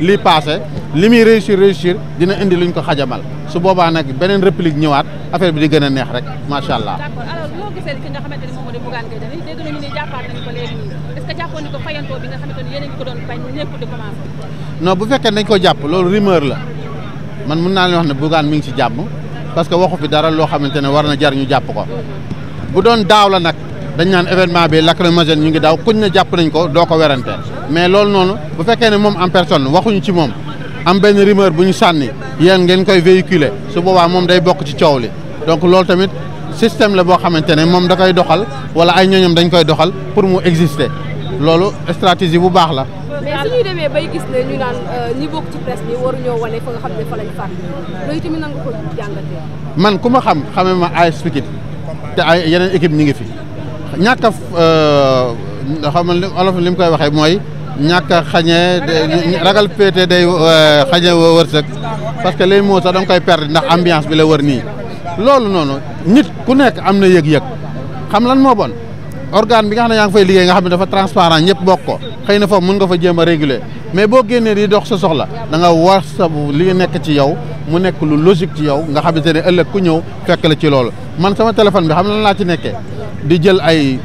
lii passé li muy réussir réussir dina indi luñ ko xajamal su boobaa nag beneen réplique ñëwaat affaire bi di gën a neex rek macha allah. d'accord alors ko léegi bu fekkee dañ ko jàpp loolu rumeur la man mun naa leen wax ne Bougane mi ngi ci jàmm parce que waxu fi dara loo xamante ne war na jar ñu jàpp ko bu doon daaw la nag dañ naan événement bi lacrymogène ñu ngi daaw kuñ na jàpp nañ ko doo ko werante mais loolu noonu bu fekkee ne moom en personne waxuñu ci moom am benn rumeur bu ñu sànni yéen ngeen koy véhiculer su boobaa moom day bokk ci coow li donc loolu tamit système la boo xamante ne moom da koy doxal wala ay ñooñam dañ koy doxal pour mu exister loolu stratégie bu baax la. Euh, man ku xam xamee ma AS Pikine te ay yeneen équipe ñi ngi fi ñàkk a euh, xam nga olof li mu koy waxee mooy. ñàkk a xañee ragal péete day euh, xañee wërsëg parce que lay moo sax da koy perdre ndax ambiance bi la wër nii loolu noonu nit ku nekk am na yéeg yëg xam lan moo bon organe bi nga xam ne yaa ngi fay liggéey nga xam ne dafa transparent ñëpp bokk ko xëy na foofu mën nga fa jéem a réguler mais boo génnee di dox sa soxla da nga war sa li nekk ci yow mu nekk lu logique ci yow nga xamante ne ëllëg ku ñëw fekk la ci loolu man sama téléphone bi xam lan laa ci nekkee di jël ay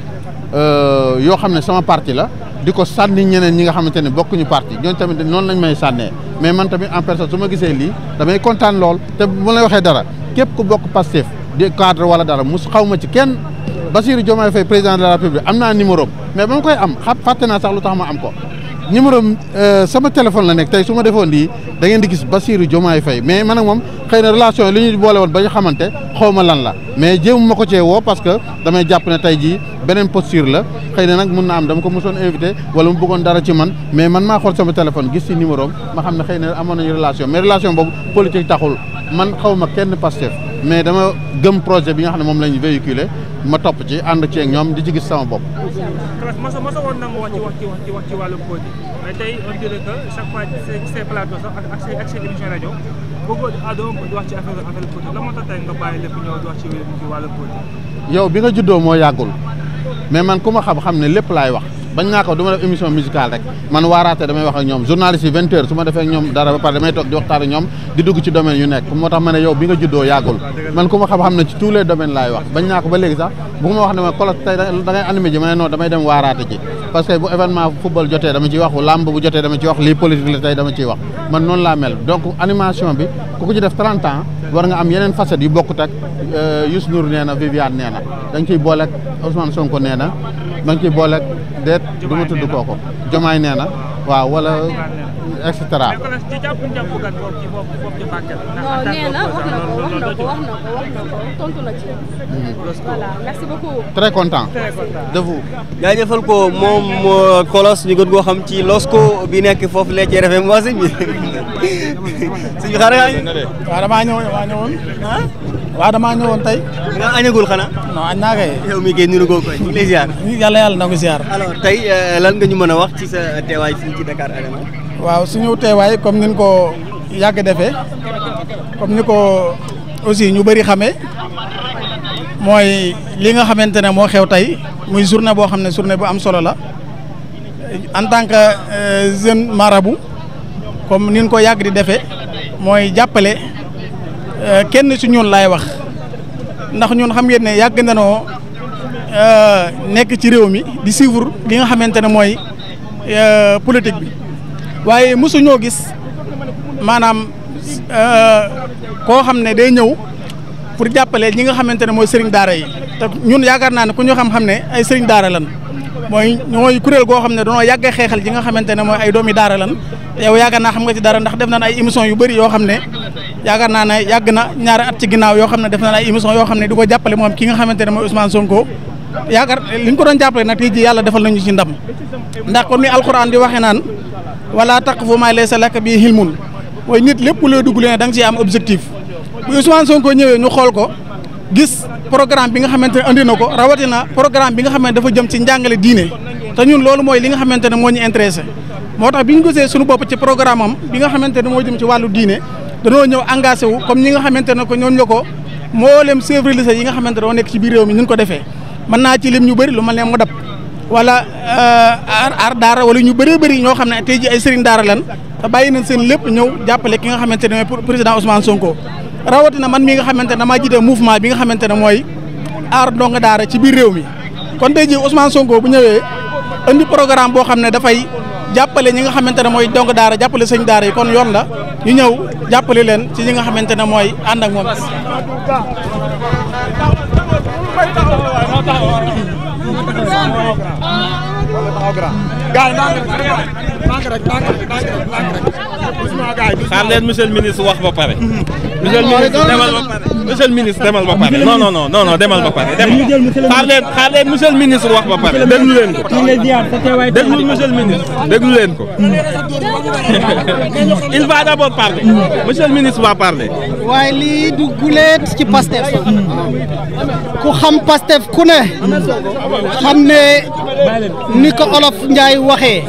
euh, yoo xam ne sama parti la di ko sànni ñeneen ñi nga xamante ne bokkuñu parti ñooñu tamit noon nañ may sànnee mais man tamit en personne su ma gisee lii damay kontaan lool te bu lay waxee dara képp ku bokk Pastef di cadre wala dara mus xaw ma ci ken Bassirou Diomaye Faye président de bi am naa numéro mais ba ma koy am xa fàtte naa sax lu tax ma am ko numéro euh, sama téléphone la nekk tey su ma defoon lii da ngeen di gis ba Bassirou Diomaye fay mais man ak moom xëy na relation li ñu boole woon ba ñu xamante xaw ma lan la mais jéem ma ko cee woo parce que damay jàpp ne tey jii beneen posture la xëy na nag mun na am dama ko soon invité wala mu bëggoon dara ci man mais man maa xool sama téléphone gis ci numéro ma xam ne xëy na amoon nañu relation mais relation boobu politique taxul man xaw ma kenn Pastef mais dama gëm projet bi nga xam ne moom la ñu véhiculé ma topp ci ànd ceeg ñoom di ci gis sama bopp. macha allah woon na wax ci wax ci wax ci wàllu produit mais tey on dirait que chaque fois sax ak ak say émission rajo boobu ah, doon wax ci affaire nga bàyyi lépp ñëw di ci wàllu produit. yow bi nga juddoo moo yàggul mais man ku ma xam xam ne lépp laay wax. bañ naa ko du ma def émission musicale rek man waaraate damay wax ak ñoom journaliste yi vingt heures su ma defee ak ñoom dara ba pare damay toog di waxtaan ak ñoom di dugg ci domaine yu nekk moo tax ma ne yow bi nga juddoo yàggul man ku xam-xam ne tous les domaines laay wax bañ naa ko ba léegi sax bu ma wax ne ma kolos tey da ngay ji ma ne non damay dem waaraate ji parce que bu événement football jotee dama ciy wax làmb bu jotee dama ciy wax lii politique ma ngi ciy boole deet du ma tudd kooku jomaay nee na waaw wala et cetera. très content de vous. ko moom euh, Kolos ñu gën koo xam ci Losco bi nekk foofu la ci RFM waa bi sëñ bi xaaral maa ngi. waaw damaa waa damaa ñëwoon tey. nga añagul xanaa. non añ naa kay. yow mii kay niru googu ko ziar. alors tey euh, lan nga ñu mën a wax ci sa teewaay fii ci Dakar Arena. waaw suñu teewaay comme ni ko yàgg defee comme ni ko aussi ñu bëri xame mooy li nga xamante ne moo xew tey muy journée boo xam ne journée bu am solo la en tant que euh, jeune marabout comme ni ko yàgg di defee mooy jàppale. Euh, kenn si ñun laay wax ndax ñun xam ngeen ne yàgg nanoo euh, nekk ci réew mi di suivre li nga xamante ne mooy euh, politique bi waaye mosuñoo gis maanaam koo xam ne day ñëw pour jàppale ñi nga xamante ne mooy sëriñ daara yi te ñun yaakaar naa ne ku ñu xam-xam ne ay sëriñ daara lan mooy ñooy kuréel goo xam ne danoo yàgg xeexal yi nga xamante ne mooy ay doomi daara lan yow yaakaar naa xam nga ci dara ndax def nañ ay émission yu bari yoo xam ne yaakaar naa ne yàgg na ñaari at ci ginnaaw yoo xam ne def na ay émission yoo xam ne di ko jàppale moom ki nga xamante ne mooy Ousmane ko doon jàppale nag tey ji yàlla defal nañu ci ndam ndax waxee naan wala taqfu maa laysa laka bihi ilmun mooy nit lépp looy dugg leen da nga ciy am objectif bu Ousmane Sonko ñu xool ko gis programme bi nga xamante ne andi na ko rawatina programme bi nga xam dafa jëm ci njàngale diine loolu mooy li nga xamante ne moo ñu intéressé moo tax bi ñu gisee suñu bopp ci programme am bi nga xamante ne moo jëm ci wàllu diine danoo ñëw engagé wu comme ñi nga xamante ne ko ñoom ñoo ko mboolem chef religieux yi nga xamante ne nekk ci biir réew mi ñu ko defee mën naa ci lim ñu bëri lu ma leen mu dab wala aar euh, aar daara wala ñu bëree bëri ñoo xam ne tey ji ay sëriñ daara lan te bàyyi nañ seen lépp ñëw jàppale ki nga xamante ne mooy président Ousmane Sonko rawatina man mi nga xamante ne damaa jiite mouvement bi nga xamante ne mooy aar ndongo daara ci biir réew mi kon tey ji Ousmane Sonko bu ñëwee indi programme boo xam ne dafay jàppale ñi nga xamante ne mooy dong daara jàppale sëñ daara yi kon yoon la ñu ñëw jàppale leen ci ñi nga xamante ne mooy ànd ak xaar leen monsieur le ministre wax ba pare. monsieur le ministre demal ba pare monsieur le ministre demal ba pare ba pare demal xaar leen xaar leen le ministre wax ba pare déglu ko. déglu monsieur le ministre déglu leen ko. il va d'abord parler. monsieur le ministre va parler. waaye lii du guleet ci Pastef. ku xam Pastef ku ne. xam ne ni ko olof Ndiaye waxee.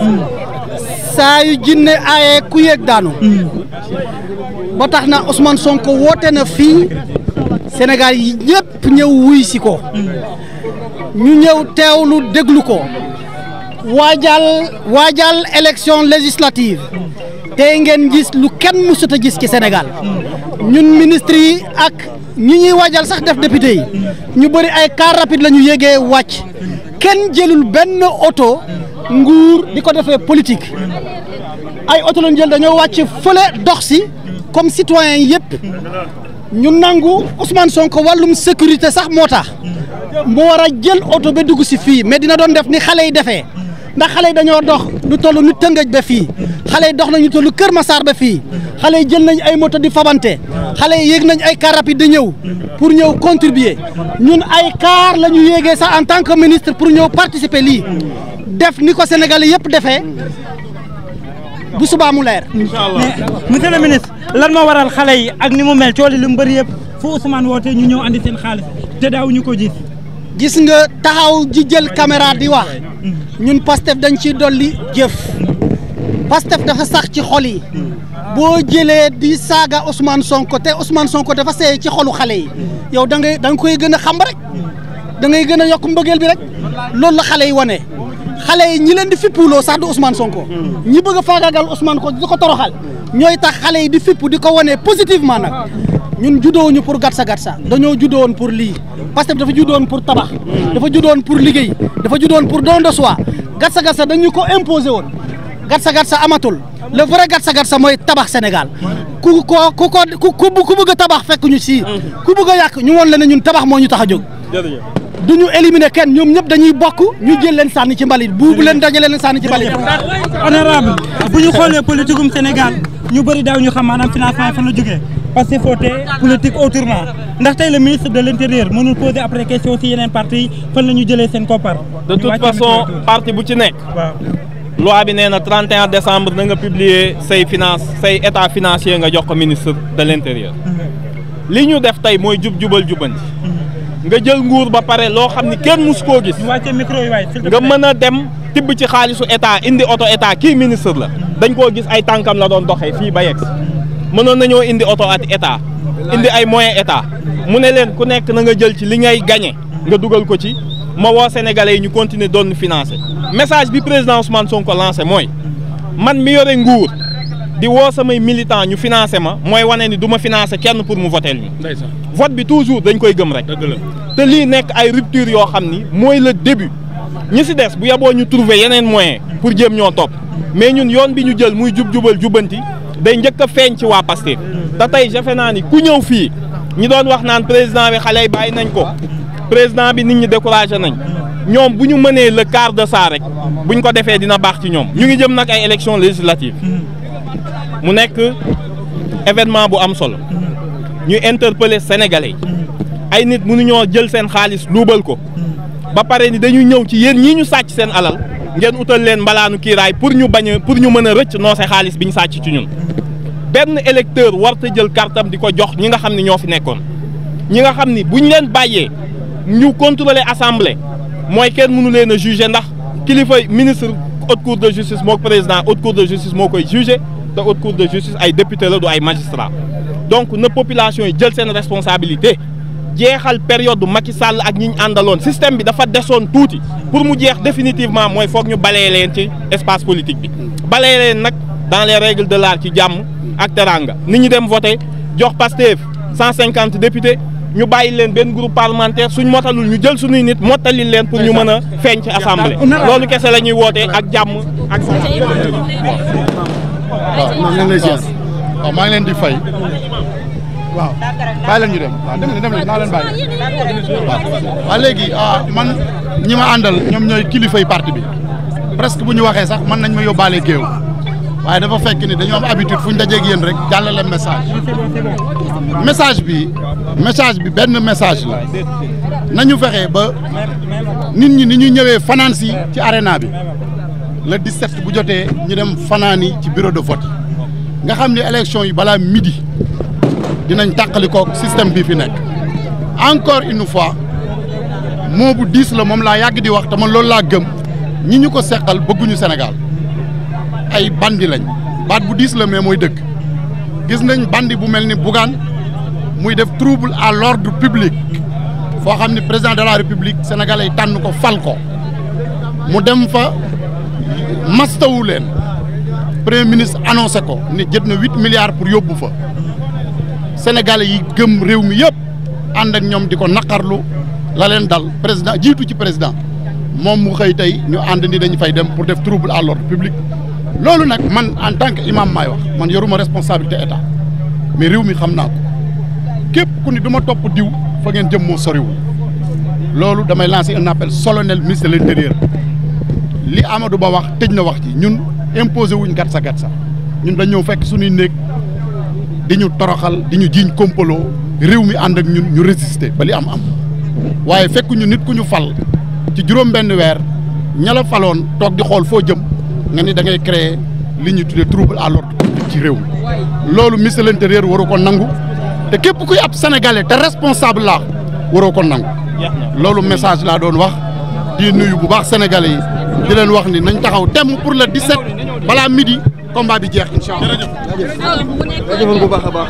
saa yu jinne aaye ku yéeg daanu ba tax na Ousmane Sonko woote na fii senegal yi ñëpp ñëw wuy si ko ñu ñëw teew lu déglu ko waajal waajal élection législative tey ngeen gis lu kenn mësut a gis ci Sénégal ñun ministre yi ak ñu ñuy waajal sax def député ñu bëri ay car rapide la ñu yégee wàcc kenn jëlul benn oto nguur di ko defee politique ay oto lañ jël dañoo wàcc fële dox si comme citoyen yëpp ñu nangu Ousmane Sonko wallum sécurité sax moo tax mu war a jël oto ba dugg si fii mais dina doon def ni xale yi defee ndax xale yi dañoo dox lu toll nu Tëngéej ba fii xale yi dox nañu tollu Kër Massar ba fii xale yi jël nañu ay moto di fabante xale yi yéeg nañ ay car rapide di ñëw pour ñëw contribuer ñun ay car la ñu yéegee sax en tant que ministre pour ñëw participer lii def ni ko Sénégalais yëpp defee bu subaa mu leer. incha allah lan moo waral xale yi ak ni mu mel cooli lu mu bëri yëpp fu Ousmane wootee ñu ñëw andi seen xaalis te daaw ñu ko gis. gis nga taxaw ji jël caméra di wax ñun Pastef dañ ciy dolli jëf Pastef dafa sax ci xol yi boo jëlee di saaga Ousmane Sonko te Ousmane Sonko dafa seey ci xolu xale yi yow da ngay da nga koy gën a xam rek da ngay gën a yokk mbëggeel bi rek loolu la xale yi wane. xale yi ñi leen di fippuuloo sax du Ousmane Sonko. ñi bëgg a faagaagal Ousmane ko di ko toroxal. ñooy tax xale yi di fippu di ko wane positivement nag ñun juddoowuñu pour gatsa gatsa dañoo juddowoon pour lii parce que dafa juddowoon pour tabax. dafa juddowoon pour liggéey dafa judoon pour don de soi gatsa gatsa dañu ko imposé woon gatsa gatsa amatul le vrai gatsa gatsa mooy tabax Sénégal. ku ko ku ko ku bëgg a tabax fekkuñu si. ku bëgg yàq ñu woon la ne ñun tabax moo ñu tax a jóg. du ñu éliminer kenn ñoom ñëpp dañuy bokk ñu jël leen sànni ci mbalit bu bu leen dajale leen sànni ci mbalit. honorable bu ñu xoolee politique um Sénégal ñu bëri daaw ñu xam maanaam financement fan la jógee parce que foote politique au tournant ndax tey le ministre de l' intérieur mënul poser après question si yeneen parti fan la ñu jëlee seen koppar. de toute façon parti bu ci nekk. waaw loi bi nee na 31 décembre na nga publier say finance say état financier nga jox ko ministre de l' intérieur. Mhm. li ñu def tey mooy jub jubal jubanti. Mhm. nga jël nguur ba pare loo xam ni kenn mus koo gis nga mën a dem tibb ci xaalisu état indi oto état kii ministre la dañ koo gis ay tànkam la doon doxee fii ba yegg mënoon nañoo indi oto at état indi ay moyen état mu ne leen ku nekk na nga jël ci li ngay gañe nga dugal ko ci ma woo sénégalais yi ñu continuer doon financer message bi président Ousmane Sonko lancé mooy man mi yore nguur di woo samay militant ñu financé ma mooy wane ni du ma financé kenn pour mu votel vote bi toujours dañ koy gëm rek. la te lii nekk ay rupture yoo xam ni mooy le début ñi si des bu yaboo ñu trouver yeneen moyen pour jëm ñoo topp mais ñun yoon bi ñu jël muy jub jubal jubanti day njëkk a feeñ ci waa Pastef te tey jafe naa ni ku ñëw fii ñi doon wax naan président bi xale yi bàyyi nañ ko président bi nit ñi découragé nañ ñoom bu ñu mënee le quart de ça rek buñ ko defee dina baax ci ñoom ñu ngi jëm nag ay élections législatives mu nekk événement bu am solo. ñu interpeller sénégalais ay nit mënuñoo jël seen xaalis luubal ko ba pare ni dañuy ñëw ci yéen ñii ñu sàcc seen alal ngeen utal leen mbalaanu kiiraay pour ñu bañ pour ñu mën a rëcc noose xaalis bi ñu sàcc ci ñun benn électeur warta jël kartam di ko jox ñi nga xam ne ñoo fi nekkoon ñi nga xam ni bu leen bàyyee ñu contrôler assemblée mooy kenn mënu leen a juger ndax kilifa ministre haute cour de justice moo président haute cour de justice moo koy juger te haute cour ay député la du ay magistrat donc na population yi jël seen responsabilité jeexal période bu Macky sàll ak ñi ñu àndaloon système bi dafa desoon tuuti pour mu jeex définitivement mooy foog ñu balee leen ci espace politique bi balee leen nag dans les règles de l'art ci jàmm ak teranga nit ñi dem voté jox Pastef cent cinquante députés ñu bàyyi leen benn groupe parlementaire suñ motalul ñu jël suñuy nit motali leen pour ñu mën a feeñ ci assemblée loolu kese la ñuy woote ak jàmm ak. waaw waaw maa leen di fay waaw bàyyi leen ñu dem waaw dem leen dem leen naa léegi ah, man ñi ma àndal ñoom ñooy kilifay parti bi presque bu ñu waxee sax mën nañ ma yóbbaale géew waaye dafa fekk ni dañu am habitude fu ñu dajeeg yéen rek jàllale message message bi message bi benn message la ñu fexe ba nit ñi ni ñu ñëwee fanaan si ci arena bi le 17 bu jotee ñu dem fanaan yi ci bureau de vote nga xam ni élection yi balaa midi dinañ tàqalikook système bi fi nekk encore une fois moo bu diis la moom laa yàgg di wax tama man loolu laa gëm ñi ñu ko seqal bëgguñu Sénégal ay bandi lañ baat bu diis la mais mooy dëkk gis nañ bandi bu mel ni Bougane muy def trouble à l'ordre public foo xam ni président de la république sénégalais yi tànn ko fal ko mu dem fa mastawu leen premier ministre annoncé ko ne jët na huit milliards pour yóbbu fa sénégalais yi gëm réew mi yëpp ànd ak ñoom di ko naqarlu la leen dal président jiitu ci président moom mu xëy tey ñu ànd ni dañu fay dem pour def trouble à l'ordre loolu nag man en tant que imam maay wax man yoruma responsabilité état mais réew mi xam naa ko képp ku ni du ma topp diw fa ngeen jëm moo soriwul loolu damay lancer un appel solennel ministre de li Amadou Ba wax tëj na wax ji ñun imposé wuñ gat sa gat sa ñun dañoo fekk suñuy néeg di ñu toroxal di ñu jiiñ kompaloo réew mi ànd ak ñun ñu résister ba li am am waaye fekk nit ku ñu fal ci juróom benn weer ña faloon toog di xool foo jëm nga ni da ngay créer li ñuy tuddee trouble à l'ordre ci réew mi loolu ministre de l'intérieur waru nangu te képp kuy ab sénégalais te responsable la waroo ko nangu loolu message laa doon wax di nuyu bu baax sénégalais yi di leen wax ni nañ taxaw temm pour le 17 balaa midi combat bi jeex incha allah. baax a baax